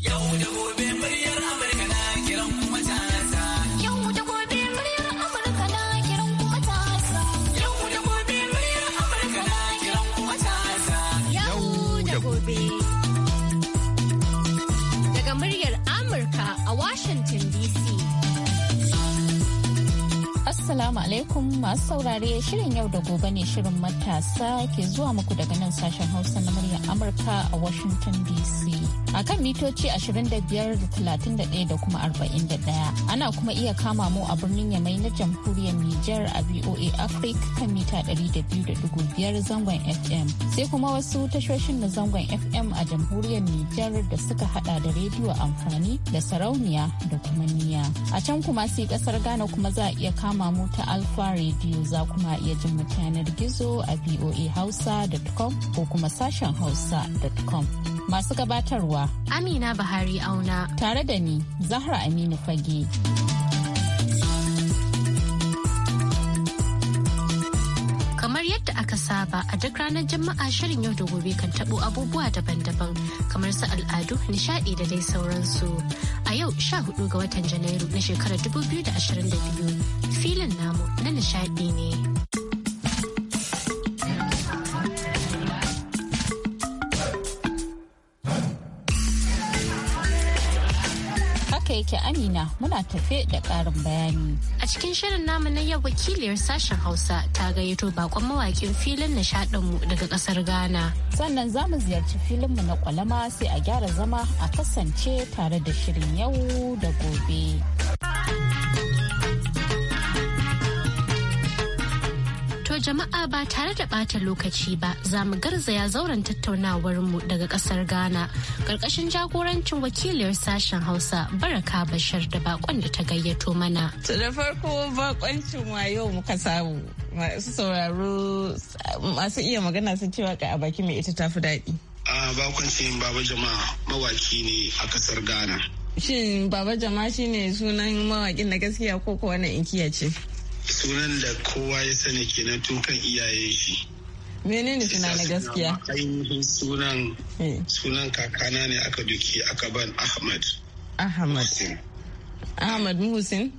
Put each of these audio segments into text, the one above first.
Yau da gobe. alaikum masu saurare shirin yau da gobe ne shirin matasa ke zuwa muku daga nan sashen Hausa na muryar Amurka a Washington DC. A kan mitoci 25.31 da kuma 41. Ana kuma iya kama mu a birnin Yamai na jamhuriyar niger a VOA Africa kan mita 200.5 zangon FM. Sai kuma wasu tashoshin na zangon FM a jamhuriyar niger da suka hada da rediyo amfani da sarauniya da kuma niya. A can kuma sai kasar Ghana kuma za a iya kama mu ta Alfa Alpha Radio za kuma iya jin mutanen yanar gizo a hausa.com ko kuma sashen hausa.com. Masu gabatarwa Amina Bahari Auna tare da ni Zahra Aminu Fage. Kamar yadda aka saba a duk ranar jama'a shirin yau da gobe kan tabo abubuwa daban-daban kamar su al'adu, nishadi da dai sauransu. A yau 14 ga watan Janairu na shekarar 2022 filin namu na nishadi ne. Haka yake Amina muna tafe da ƙarin bayani. A cikin shirin namu na yau wakiliyar sashen Hausa ta gayyato bakon mawakin filin nishadinmu daga ƙasar Ghana. Sannan za mu ziyarci filinmu na kwalama sai a gyara zama a kasance tare da shirin yau da gobe. jama'a ba tare da ɓata lokaci ba za mu garzaya zauren tattaunawarmu daga ƙasar Ghana ƙarƙashin jagorancin wakiliyar sashen Hausa Baraka bashar da bakon da ta gayyato mana. To da farko bakoncin wa yau muka samu masu sauraro masu iya magana sun cewa ka a baki mai ita tafi daɗi. A bakoncin baba jama'a mawaki ne a ƙasar Ghana. Shin baba jama'a shine sunan mawakin na gaskiya ko kuwa na inkiya ce? sunan da kowa ya sani kenan tun kan iyaye shi menene suna na gaskiya ainihin sunan eh. sunan kakana ne aka duki aka ban ahmad ahmad ahmad muhsin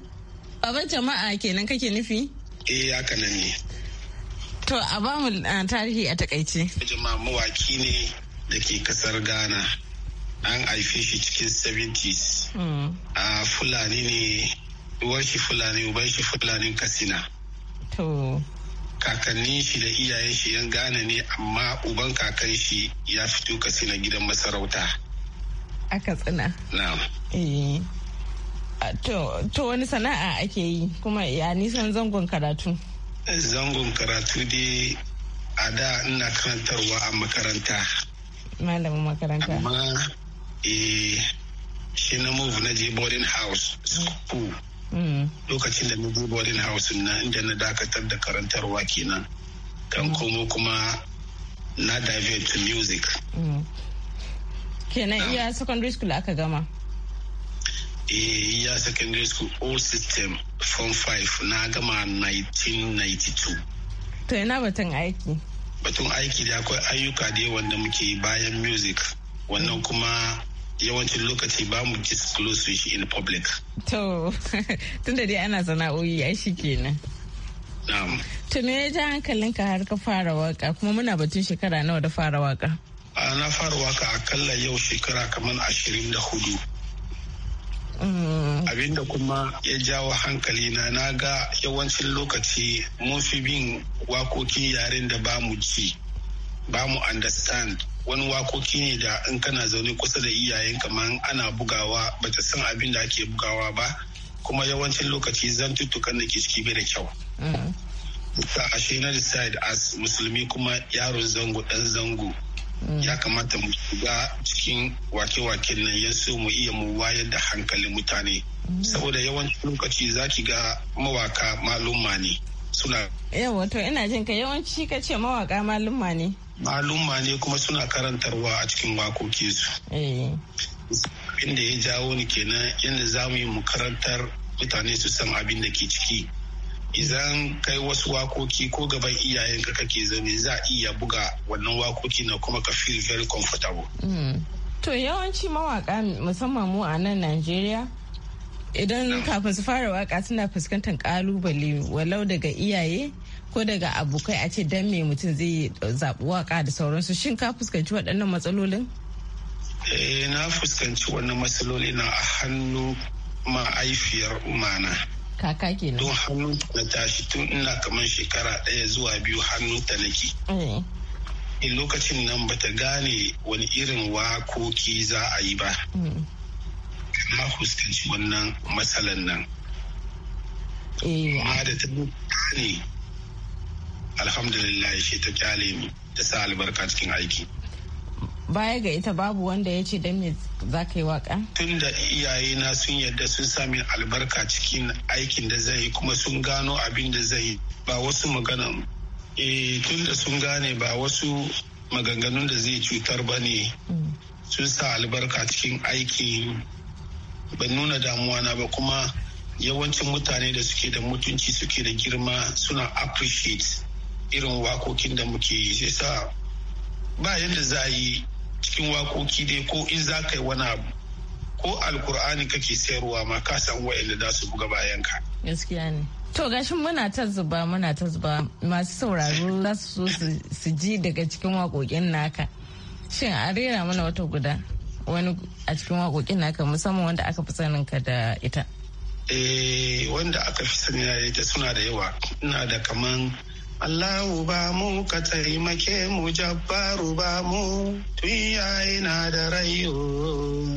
baban jama'a kenan kake nufi eh haka nan ne to a ba mu tarihi a takaice jama'a mawaki ne da ke kasar ghana an haife shi cikin 70s hmm. a fulani ne uwar shi fulani uban shi fulanin katsina to kakannin shi da iyayen shi yan gane ne amma uban kakan shi ya fito katsina gidan masarauta a katsina na'am eh. to to wani sana'a ake yi kuma ya nisan zangon karatu zangon karatu dai a da ina karantarwa a makaranta malamin makaranta amma eh shi na move na je boarding house school lokacin da na zo boarding hausin na inda na dakatar da karantarwa kenan kan mm. komo kuma na divert to music mm. kenan iya secondary school aka gama eh, iya secondary school all system form 5 na gama 1992 to yana batun aiki batun aiki da akwai ayyuka da wanda muke bayan music wannan mm. kuma yawancin lokaci ba mu disclose shi in public. To, tunda dai ana sana'o'i ai shi kenan. Na'am. To ya ja hankalinka har ka fara waka kuma muna batun shekara nawa da fara waka? na fara waka akalla yau shekara kamar ashirin da hudu. Mm. Abinda kuma ya jawo hankali na na ga yawancin lokaci mun fi bin wakokin yaren da ba mu ji, ba mu understand. wani wakoki ne da in kana zaune kusa da iyayen kamar ana bugawa bata san abin da ake bugawa ba kuma yawancin lokaci zan tuttukan da ke ciki bai da kyau Ta ashe na side as musulmi kuma yaron zango dan zango ya kamata mu shiga cikin wake-waken nan ya so mu iya mu wayar da hankalin mutane saboda yawancin lokaci za ki ga mawaka maluma ne suna yawa to ina jin ka yawanci ka ce mawaka malumma ne malumma ne kuma suna karantarwa a cikin makoki su eh. inda ya jawo ni kenan yadda za mu yi mu karantar mutane su san abin da ke ciki idan kai wasu wakoki ko gaban iyayenka kake zaune za a iya buga wannan wakoki na kuma ka feel very comfortable hmm. to yawanci mawaka musamman mu a nan najeriya idan kafin su fara waka suna fuskantar kalubale walau daga iyaye ko daga abokai a ce dan me mutum zai zaɓi waka da sauransu shin ka fuskanci waɗannan matsalolin eh na fuskanci wannan matsaloli na a hannu ma'aifiyar umana kaka kenan don hannun na tashi tun ina kamar shekara ɗaya zuwa biyu hannun ta nake eh. in lokacin nan bata gane wani irin wakoki za a yi ba mm. kan ma fuskanci wannan matsalan nan eh, ma da ta ne alhamdulillah shi ta kyale ne ta sa albarka cikin aiki baya ga ita babu wanda ya ce don me za ka yi waka? tun da iyaye na sun yadda sun sami albarka cikin aikin da zai kuma sun gano abin da zai yi ba wasu magana e tun da sun gane ba wasu maganganun da zai cutar ba ne mm. sun sa albarka cikin aikin ban nuna damuwa na ba kuma yawancin mutane da suke da mutunci suke da girma suna appreciate irin wakokin da muke yi sai sa ba yadda za yi cikin wakoki dai ko in za ka yi wani abu ko alkur'ani kake sayarwa ma ka san wa'anda za su buga bayanka gaskiya ne To gashin muna ta zuba muna ta zuba masu sauraro za su so su ji daga cikin wakokin naka. Shin a rera mana wata guda? wani a cikin waƙoƙin naka musamman wanda aka fi sanin ka da ita eh wanda aka fi sani da ita suna da yawa ina da kaman Allahu ba mu ka taimake mu jabbaru ba mu tun yayi na da rayo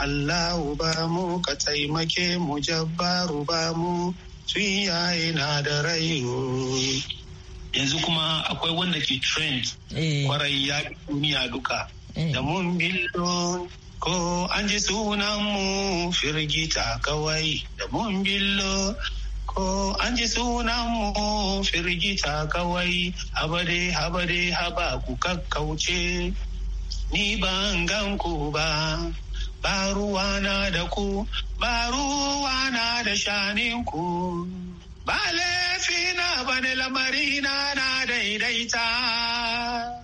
Allahu ba mu ka taimake mu jabbaru ba mu tun yayi na da rayo yanzu kuma akwai wanda ke trend eh. kwarai ya duniya duka Eh. da mun billo ko an ji sunanmu firgita kawai da mun billo ko an ji sunanmu firgita kawai habare habare haba ku kakkauce ni ban gan ku ba ba ruwana da ku ba ruwana da shaninku ba laifi na bane lamari na na daidaita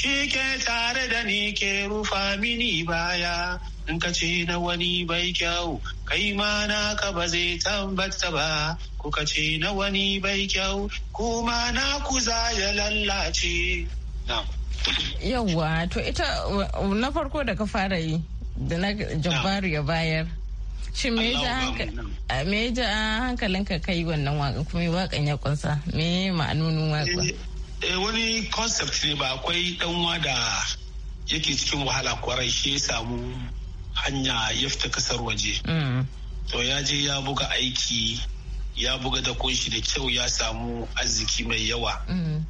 shi ke tare da ni ke rufa mini baya in ka ce na wani bai kyau kai ma ka ba zai tambata ba kuka ce na wani bai kyau kuma na ku za ya lallace yawwa to ita na farko da ka fara yi da na jabbaru ya bayar shi me ja hankalinka kai wannan waƙa kuma wakan ya kunsa me ma'anonin waƙa. Eh, eh wani concept ne ba akwai danwa da yake cikin wahala kwarai shi ya samu hanya ya fita kasar waje mm. to ya je ya buga aiki ya buga da kunshi da kyau ya samu arziki mai yawa mm.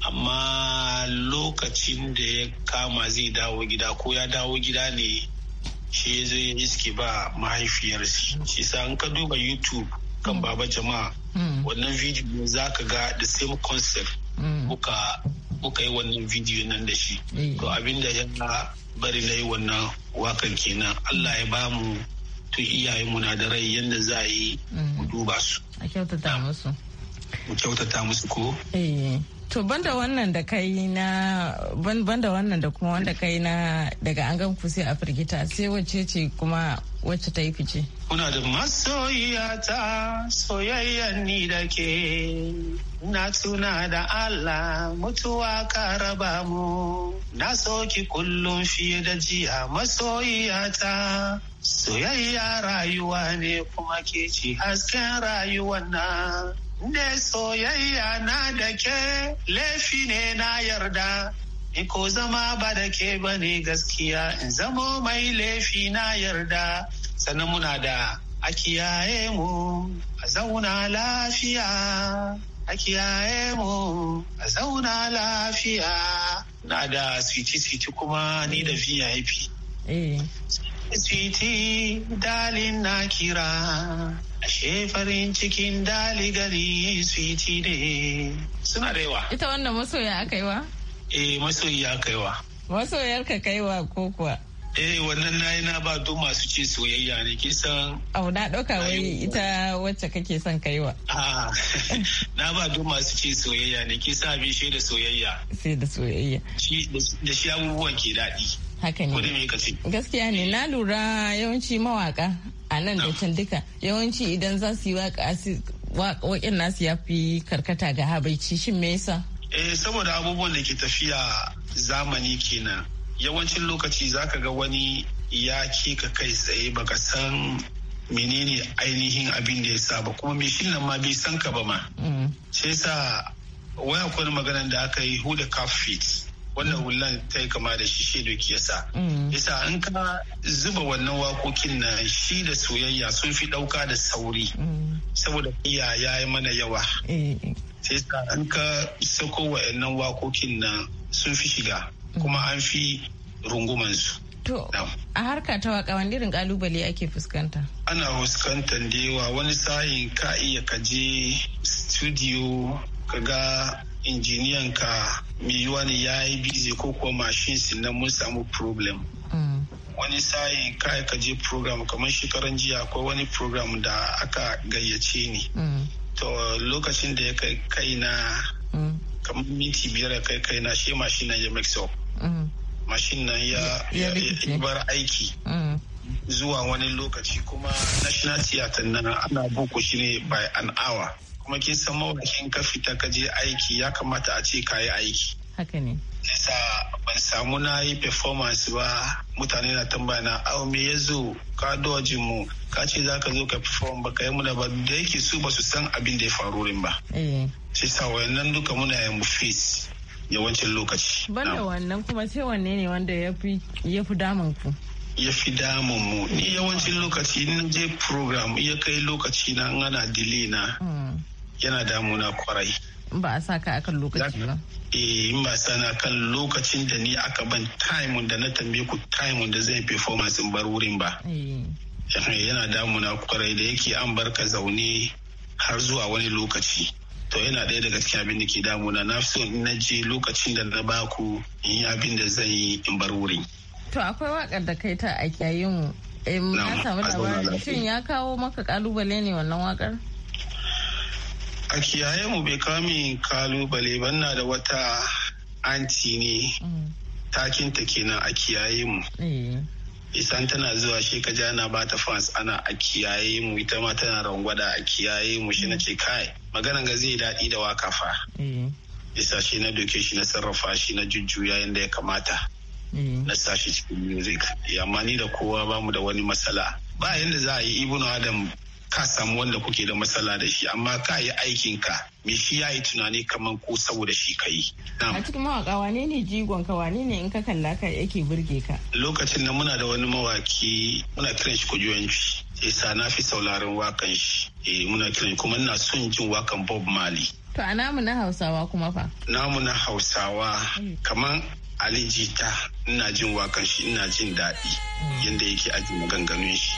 amma lokacin da ya kama zai dawo gida ko ya dawo gida ne shi ya zo yin iske ba mahaifiyarshi shi sa an ka duba youtube kan mm. baba jama'a wannan video za ka ga the same concept muka mm. muka yi wannan bidiyo nan da shi eh. to abinda ya bari na yi wannan wakan kenan Allah ya bamu tun iyayenmu na da rai yanda za a yi mm. mu duba su a kyautata musu mu kyautata musu ko eh. To banda wannan da kai na banda wannan da kuma wanda kai na daga an gan sai a firgita sai wacce ce kuma wacce ta yi fice. Kuna da masoyiya ta ni da ke na tuna da Allah mutuwa ka raba mu na soki kullum fiye da jiya masoyiya ta soyayya rayuwa ne kuma ke ci hasken rayuwan na ne soyayya na da ke laifi ne na yarda in ko zama ba da ke ba ne gaskiya in zamo mai laifi na yarda sannan muna da a kiyaye mu a zauna lafiya a kiyaye mu a zauna lafiya na da switi-switi kuma ni da vip eh. Sweetie, dalin na kira ashe farin cikin daligari switi ne suna da yawa ita wannan masoya aka yi wa eh masoyi aka yi wa masoyar ka kai wa ko kuwa eh wannan nayi na ba duk masu ce soyayya ne san abu na ɗauka wai ita wacce kake son kaiwa ah, na ba duk masu ce soyayya ne ke san abin shi da soyayya sai da soyayya da shi abubuwan ke daɗi haka ne gaskiya ne na lura yawanci mawaka a nan da ah. can duka yawanci idan za su yi wakin nasu ya fi karkata ga habaici shin me yasa eh saboda abubuwan da ke tafiya zamani kenan yawancin lokaci zaka ga wani ya ke ka kai tsaye baka san menene ainihin abin da ya sa ba kuma me shi nan ma bai san ka ba ma mm. sai sa wai akwai maganar da aka yi who the cup fits wannan hulan ta yi kama da shi shi doki ya sa. Mm. Yasa an ka zuba wannan wakokin na shi da soyayya sun fi ɗauka da sauri. Mm. Saboda iya ya yi mana yawa. Eh, eh. Sai sa an ka sako wa'annan wakokin na sun fi shiga kuma an fi rungumansu. To, a harka ta waka wani irin kalubale ake fuskanta? Ana fuskantar da yawa wani sa'in ka iya kaje studio ka ga injiniyan ka mai yiwa ne ya yi busy ko kuwa machines na mun samu problem mm. wani sa'in kai ka je program kamar shekaran jiya akwai wani program da aka gayyace ni mm. to lokacin da ya kai kai na mm. kamar minti biyar kai kai na shi mashin nan ya mix mashin nan ya bar aiki zuwa wani lokaci kuma national theater na ana buku shi ne by an hour kuma kin san mawakin ka fita ka je aiki ya kamata a ce ka yi aiki haka ne nisa ban samu na yi performance ba mutane na tambaya na au me ya zo ka doji mu ka ce za ka zo ka perform ba ka yi muna ba da yake su ba su san abin da ya faru rin ba eh. sai sa wayannan duka muna yin mu face yawancin lokaci banda wannan kuma sai wanne ne wanda ya fi damun ku ya fi damun mu ni yawancin lokaci ni je program ya kai lokaci na ana delay na hmm. yana damuna kwarai ba a sa ka akan lokaci ba eh in ba sana kan lokacin da ni aka ban time da na tambaye ku time da zai performance in bar wurin ba eh. Eh, yana damuna kwarai da yake an bar ka zaune har zuwa wani lokaci to yana ɗaya daga cikin abin da ke damuna na fi son na je lokacin da na baku in yi abin da zan yi in bar wurin. To akwai wakar da kai ta a yayin eh, na samu labarin shin ya kawo maka kalubale ne wannan wakar? a kiyaye mu bai kame kalubale ban na da wata anti ne mm. takinta kenan a kiyaye mu eh. isan tana zuwa shi ka ja na bata fans ana a kiyaye mu ita ma tana rangwada a kiyaye mu shi na ce kai magana ga zai daɗi da waka fa eh. isa shi na doke shi na sarrafa shi na jujjuya yadda ya kamata eh. na sa cikin music amma ni da kowa bamu da wani matsala ba yadda za a yi ibnu adam ka samu wanda kuke da matsala da shi amma ka yi aikin ka me shi ya yi tunani kamar ko saboda shi ka yi. A cikin mawaka wane ne jigon ka wane ne in ka kalla ka yake burge ka? Lokacin da muna da wani mawaki muna kiran shi ya Isa na fi sauraron wakan shi. Eh muna kiran kuma ina son jin wakan Bob Marley. To a namu na Hausawa kuma fa? Namu na Hausawa kamar Ali Jita ina jin wakan shi ina jin daɗi mm. yadda yake ajin maganganun shi.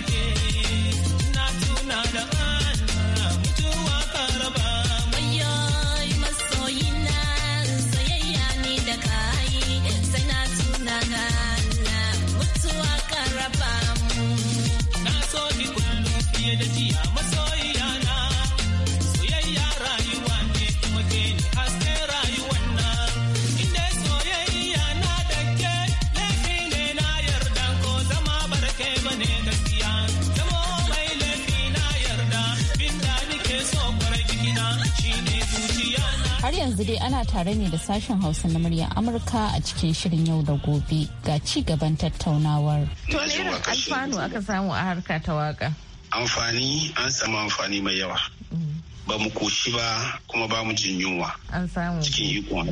nake na tuna yanzu dai ana tare ne da sashen Hausa na murya Amurka a cikin shirin yau da gobe ga ci gaban tattaunawar. To irin alfanu aka samu a harka ta waka. Amfani an samu amfani mai yawa. Mm. ba mu koshi ba kuma ba mu jin yunwa an samu cikin ikon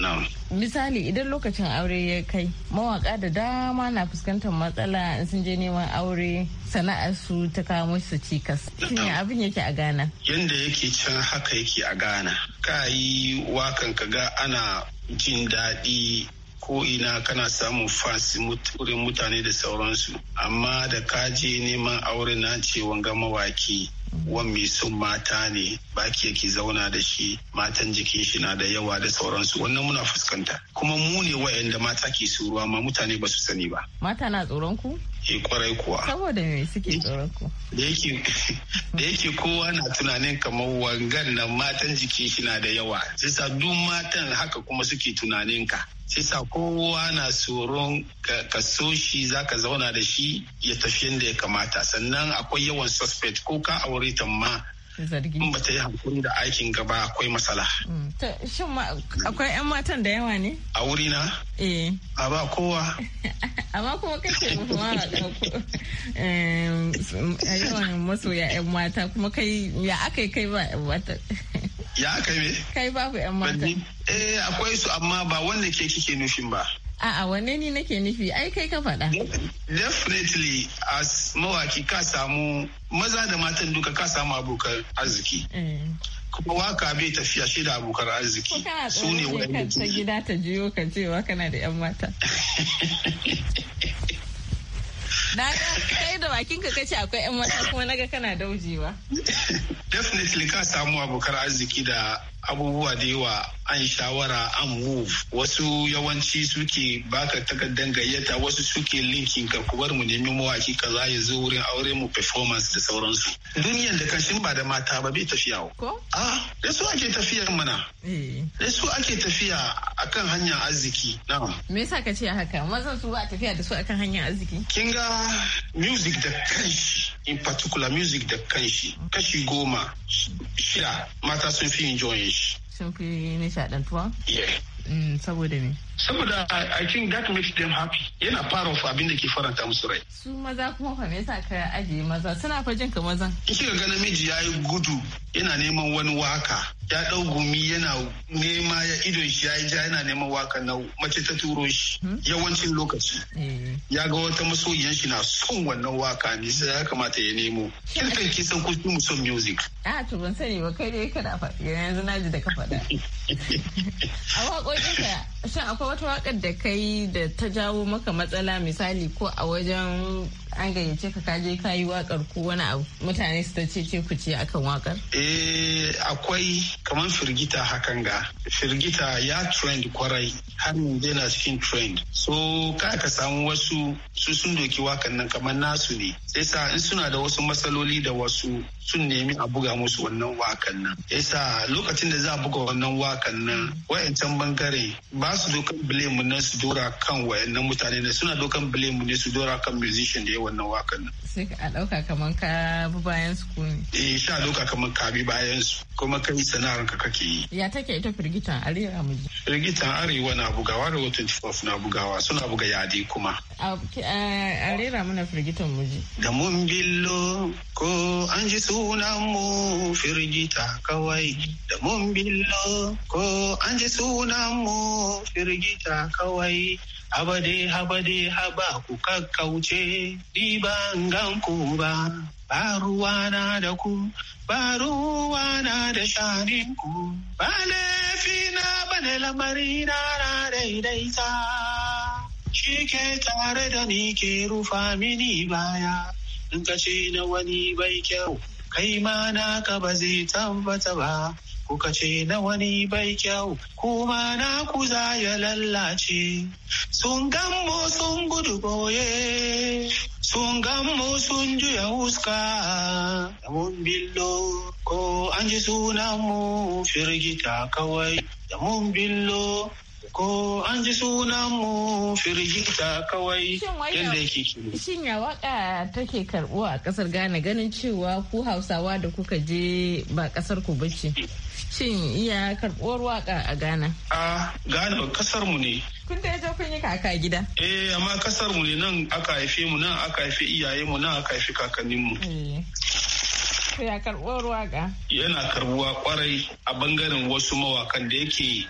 Na. misali idan lokacin aure ya kai mawaka da dama na fuskantar matsala in sun je neman aure sana'ar su ta kawo su cikas Shin abin yake a gana yanda yake can haka yake a gana ka yi wakan ka ga ana jin daɗi ko ina kana samun fans wurin mutane da sauransu amma da kaje neman aure na ce wanga mawaki wammi sun mata ne baki ki zauna da shi matan jikin shi na da yawa da sauransu wannan muna fuskanta kuma mu ne wayanda mata ke suruwa ma mutane ba su sani ba mata na tsoron ku ke kwarai kuwa saboda me suke tsoron da yake kowa na tunanin kamar wangan na matan jiki shi na da yawa sai sa duk matan haka kuma suke tunanin ka sai sa kowa na tsoron ka so shi za ka zauna da shi ya tafi yadda ya kamata sannan akwai yawan suspect ko ka aure ta ma in ba ta yi hankuri da aikin gaba akwai matsala. Mm. shin akwai 'yan matan da yawa ne? a wuri na? eh a ba kowa amma kuma kake kuma a yawan maso ya 'yan mata kuma kai ya aka yi kai ba 'yan mata ya aka yi me? kai babu 'yan mata eh akwai su amma ba wanda ke kike nufin ba A'a wanne ni nake nufi ai kai ka faɗa. Definitely as mawaki ka samu maza da matan duka ka samu abokan arziki. Eh. Kuma waka bai tafiya shi da abokan arziki. Su ne wani ta gida ta jiyo ka cewa kana da 'yan mata. Na kai da bakin ka kace akwai 'yan mata kuma naga kana daujewa. Definitely ka samu abokan arziki da abubuwa da yawa an shawara an move wasu yawanci suke baka takardar gayyata wasu suke linkin ka kubar mu nemi mawaki kaza ya zo wurin aure mu performance da sauransu duniyar da kashin ba da mata ba bai tafiya ko a ah, da su ake tafiyar mana eh. da su ake tafiya akan hanya arziki na'am me yasa ka ce haka mazan su ba tafiya da su akan hanya arziki kin ga music da kanshi in particular music da kanshi kashi goma shida mata sun fi enjoy shi sun fi nishadantuwa yeah mm, saboda me saboda i think that makes them happy yana fara of abin da ke faranta musu rai su maza kuma fa me yasa ka aje maza suna fa jin ka maza kika ga namiji yayi gudu yana neman wani waka ya dau gumi yana nema ya ido shi yayi ja yana neman waka na mace ta turo shi hmm? yawancin lokaci eh. ya ga wata masoyiyan shi na son wannan waka ne sai ya kamata ya nemo kin kan ki san mu son music a to ban sani ba kai dai kana faɗi yanzu na ji da ka faɗa a waƙoƙinka shin akwai wata wakar da kai da ta jawo maka matsala misali ko a wajen an gayyace ka kaje ka yi wakar ko wani abu mutane su ta ce ce ku ce akan wakar? Eh akwai kamar firgita hakan ga firgita ya trend kwarai har yanzu yana cikin trend so ka ka samu wasu su sun doki wakan nan kamar nasu ne sai sa in suna da wasu matsaloli da wasu sun nemi a buga musu wannan wakan nan yasa lokacin da za a buga wannan wakan nan wayancan bangare ba su dokan blame na su dora kan wayannan mutane ne suna dokan blame ne su dora kan musician da yawa wannan wakan nan. Sai a ɗauka kamar ka bi bayan su ko ne? Eh sai a ɗauka kamar ka bi bayan su kuma kai sana'ar ka kake yi. Ya take ita firgitan arewa mu ji? Firgitan arewa na bugawa da 24 na bugawa suna buga yadi kuma. A muna firgitan mu ji. Da mun billo ko an ji sunan mu firgita kawai. Da mun billo ko an ji sunan mu firgita kawai. Habade habade haba ku kakkauce ni ba ganku ba ba ruwana da ku ba ruwana da sharin ku ba laifi na bane lamari na na daidaita shi ke tare da ni ke rufa mini baya in ka ce na wani bai kyau kai ma naka ba zai tabbata ba kuka ce na wani bai kyau kuma na za ya lallace sun gammo sun gudu boye sun gammo sun juya huska mun billo ko an ji sunanmu firgita kawai da mun billo ko an ji sunanmu firgita kawai yadda yake shin ya waka take karbuwa a kasar ghana ganin cewa ku hausawa da kuka je ba kasar ku bace Shin iya karɓuwar waka a Ghana? A Ghana kasar mu ne. Kun da yaje kun yi kaka gida? Eh amma kasar mu ne nan aka haife mu nan aka haife iyaye mu nan aka haife kakannin mu. Eh. Ya karɓuwar waka? Yana karɓuwa kwarai a bangaren wasu mawakan da yake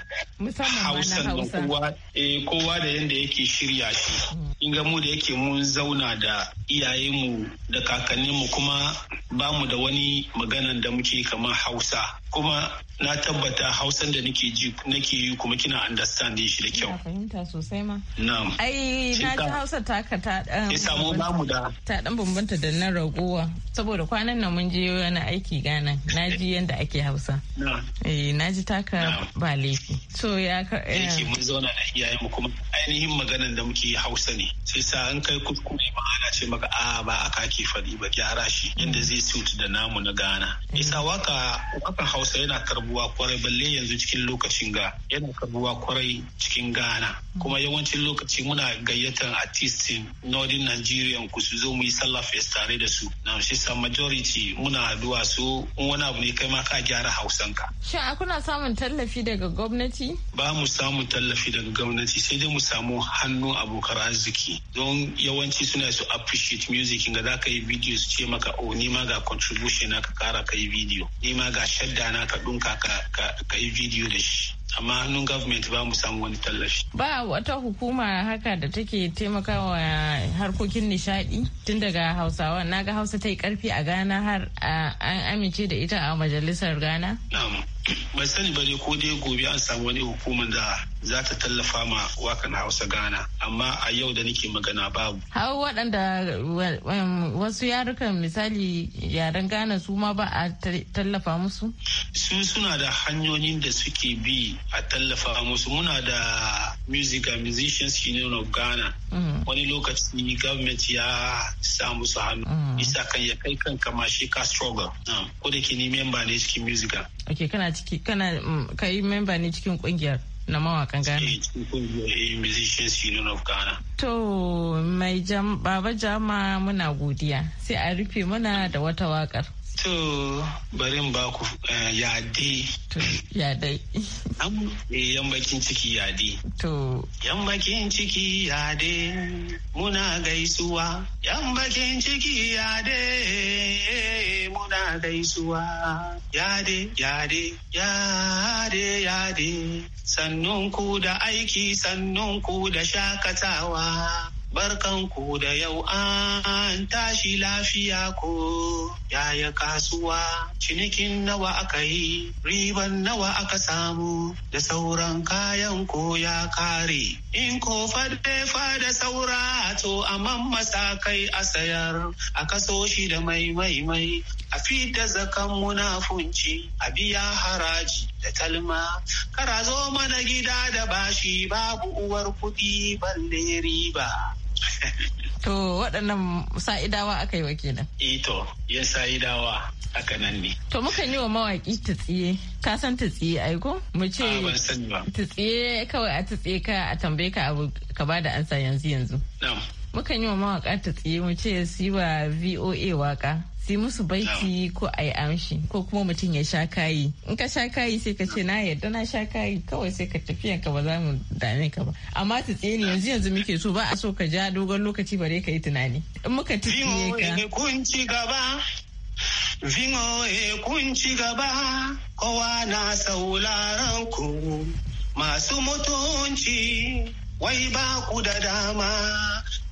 Hausan da eh, kowa da yanda yake shirya shi. Mm. In ga mu da yake mun zauna da iyayenmu da kakanninmu kuma ba mu da wani magana da muke kamar hausa kuma na tabbata hausan da nake ji nake yi kuma kina understand shi da kyau fahimta sosai ma na'am ai na ji hausa ta ka ta dan ya samu bamu da ta dan bambanta da nan ragowa saboda kwanan nan mun je wani aiki gana na ji yanda ake hausa eh na ji taka ba laifi so ya ka eh. yake mun zauna da iyayenmu kuma ainihin maganan da muke hausa ne sai sa an kai kuskure ma ana ce maka a ah, ba a kaki fari ba gyara shi yadda zai suit da namu na gana Isa waka wakan Hausa yana karbuwa kwarai balle yanzu cikin lokacin ga yana karbuwa kwarai cikin gana Kuma yawancin lokaci muna gayyatar artistin Northern Nigerian ku su zo mu yi sallah fest tare da su. Na shi sa majority muna haduwa su wani abu ne kai ma ka gyara Hausanka. Shin a kuna samun tallafi daga gwamnati? Ba mu samun tallafi daga gwamnati sai dai mu samu hannu abokan arziki don yawanci suna su appreciate sheet music ga za ka yi video su ce maka o oh, ni ma ga contribution na ka kara ka yi video ni ma ga shadda na ka dunka ka yi video da shi amma hannun government ba mu samu wani tallafi. Ba wata hukuma haka da take taimakawa harkokin nishadi tun daga Hausawa na ga Hausa ta yi karfi a Ghana har an amince da ita a majalisar Ghana? Ba sani ba ko dai gobe an samu wani hukumar da za ta tallafa ma wakan Hausa Ghana amma a yau da nake magana babu. Hau waɗanda um, wasu yarukan misali yaren Ghana su ma ba a tallafa musu? su suna da hanyoyin da suke bi a tallafa musu muna da music and musicians union of ghana mm. wani lokaci government ya samu su hannu mm. isa kan ya kai kan kama shi ka struggle ko da ke ni memba ne cikin music ok kana ciki kana mm, kai memba ne cikin kungiyar na mawakan Ghana. Eh, eh, musicians Union of Ghana. To mai baba jama muna godiya sai a rufe muna da wata wakar. To barin ba ku eh, yade. Yade. Eh, yan bakin ciki yade. To. Yan bakin ciki yade muna gaisuwa. Yan bakin ciki yade muna gaisuwa. Yade yade yade yade. sannunku da aiki sannunku ku da shakatawa. Barkanku da yau an tashi lafiya ko yaya kasuwa cinikin nawa aka yi riban nawa aka samu da sauran kayan ko ya kare. In ko fadde fada saura to a masa kai a sayar a kaso shi da mai mai mai a fita zakan munafunci a biya haraji da talma kara zo mana gida da bashi babu uwar kuɗi balle riba. To waɗannan sa'idawa aka yi wa kenan. Ito, eh yin sa'idawa haka nan ne. To mukan yi wa mawaƙi ta tsiye, ka san ta tsiye aiko? Mu ce ah, tsiye kawai a tsiye ka a tambaye ka abu ka ba da ansa yanzu yanzu. Mukan yi wa mawaƙa ta tsiye mu ce su yi wa VOA waka. su musu baiti ko a yi amshi ko kuma mutum ya sha kayi in ka sha kayi sai ka ce na yarda na sha kayi kawai sai ka tafiyan ka ba za mu dame ka ba amma ta tsini yanzu yanzu muke so ba a so ka ja dogon lokaci bare ka yi tunani in muka tsiye ka ci gaba gaba kowa na sauraron ku masu mutunci wai ba ku da dama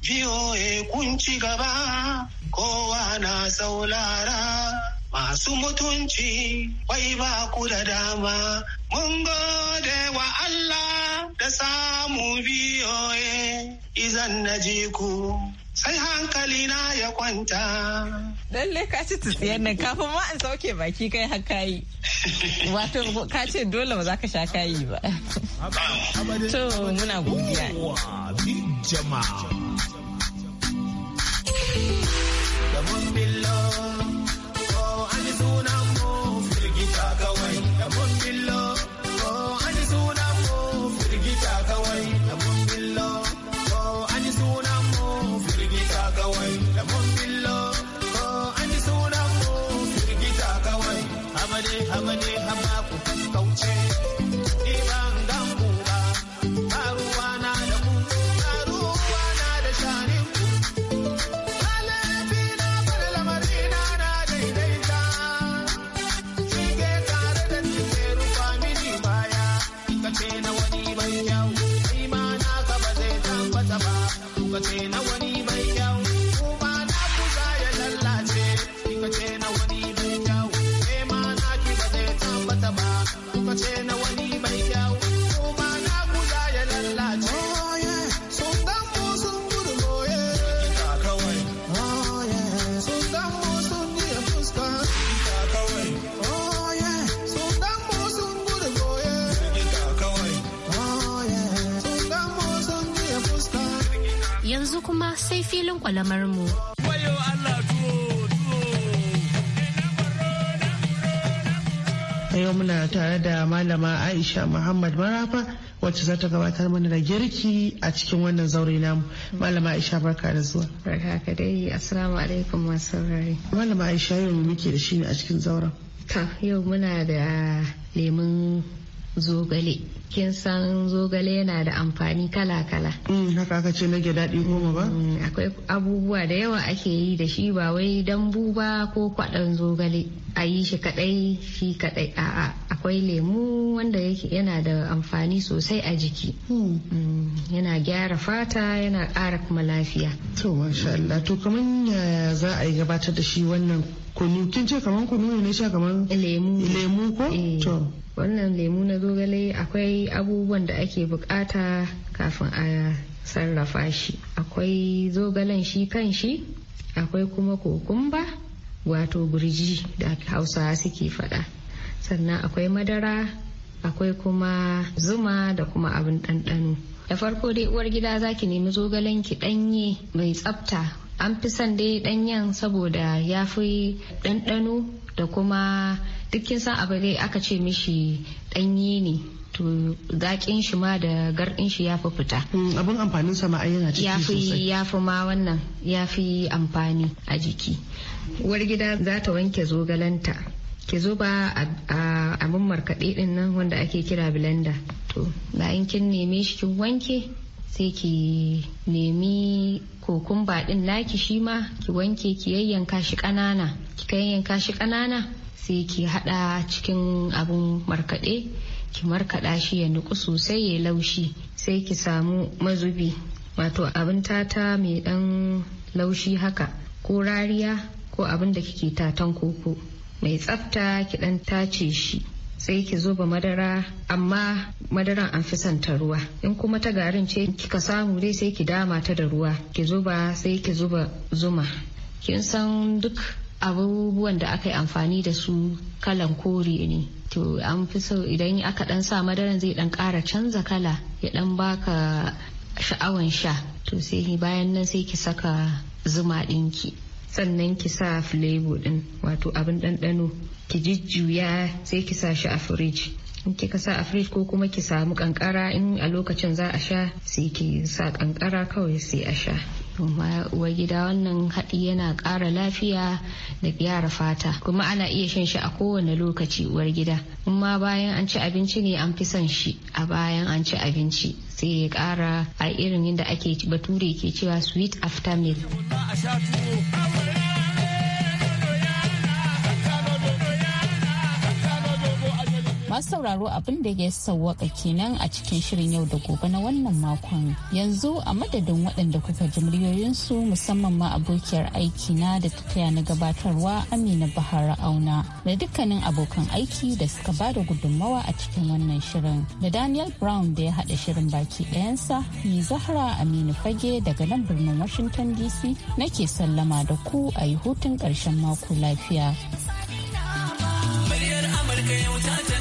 VOA kun ci gaba kowa na saulara masu mutunci wai ba ku da dama mun gode wa Allah da samu VOA izan na ku sai hankali na ya kwanta. Lalle ka ci tsiyan nan kafin ma in sauke baki kai haka Wato ka ce dole ba za ka sha kayi ba. To muna godiya. Jama'a. The moon filin kwalamar mu. yau muna tare da malama aisha muhammad marafa wacce za ta gabatar mana da girki a cikin wannan zaure namu malama aisha barka da zuwa barka ka dai assalamu alaikum masu rari malama aisha yau muke da shi ne a cikin zauren yau muna da lemun zogale kin san zogale yana da amfani kala-kala mm, haka aka ce na ke daɗi goma ba mm, akwai abubuwa da yawa ake yi da shi ba wai dambu ba ko kwaɗon zogale a yi shi kaɗai shi kaɗai a'a akwai lemu wanda yana da amfani sosai a jiki mm. yana gyara fata yana ƙara kuma lafiya to masha Allah to kamar za a yi gabatar da shi wannan kunu kin ce kaman kunu ne sha kaman lemu lemu ko eh, to wannan lemu na zogale akwai abubuwan da ake bukata kafin a sarrafa shi akwai zogalen shi kan shi akwai kuma kokumba wato gurji da hausa suke faɗa sannan akwai madara akwai kuma zuma da kuma abin ɗanɗano da farko dai uwar gida za ki nemi zogalen ki ɗanye mai tsafta an fi son dai ɗanyen saboda ya fi ɗanɗano da kuma dukkin san abu dai aka ce mishi ɗanye ne to zaƙin shi ma da garɗin shi ya fi fita. Mm, abin amfanin sa ma yana ciki sosai. Ya fi ma wannan ya fi amfani a jiki. Uwar gida za ta wanke zogalanta. Ki ba a abin markaɗe ɗin nan wanda ake kira blender. To bayan kin neme shi kin wanke sai ki nemi kokumba din naki shi ma ki wanke ki yayyanka shi ki kai yayyanka shi ƙanana sai ki haɗa cikin abun markaɗe ki markaɗa shi ya nuku sosai ya laushi sai ki samu mazubi wato abin tata mai ɗan laushi haka ko rariya ko abin da kike tatan koko mai tsafta ki ɗan tace shi sai ki zuba madara amma madaran an fi santa ruwa in kuma ta garin ce kika samu dai sai ki dama ta da ruwa ki zuba sai ki zuba zuma kin san duk abubuwan da aka yi amfani da su kalan kore ne to an fi so idan aka dan sa madaran zai dan kara canza kala ya dan baka sha'awan sha to sai bayan nan sai ki saka zuma dinki sannan ki sa filebo din wato abin ɗanɗano ki jujjuya sai ki sa shi a firij in kika sa a firij ko kuma ki samu kankara in a lokacin za a sha sai ki sa kankara kawai sai a sha wa gida wannan haɗi yana ƙara lafiya da gyara fata kuma ana iya shan shi a kowane lokaci uwar gida. kuma bayan an ci abinci ne an fi son shi a bayan an ci abinci sai ya ƙara a irin yadda ake bature ke cewa sweet after meal. masu sauraro abin da ya sauwaka kenan a cikin shirin yau da gobe na wannan makon yanzu a madadin waɗanda kuka ji muryoyinsu musamman ma abokiyar aiki na da taya na gabatarwa amina bahara auna da dukkanin abokan aiki da suka ba da gudunmawa a cikin wannan shirin da daniel brown da ya haɗa shirin baki ɗayansa ni zahra aminu fage daga nan birnin washington dc nake sallama da ku a yi hutun ƙarshen mako lafiya. Amurka ta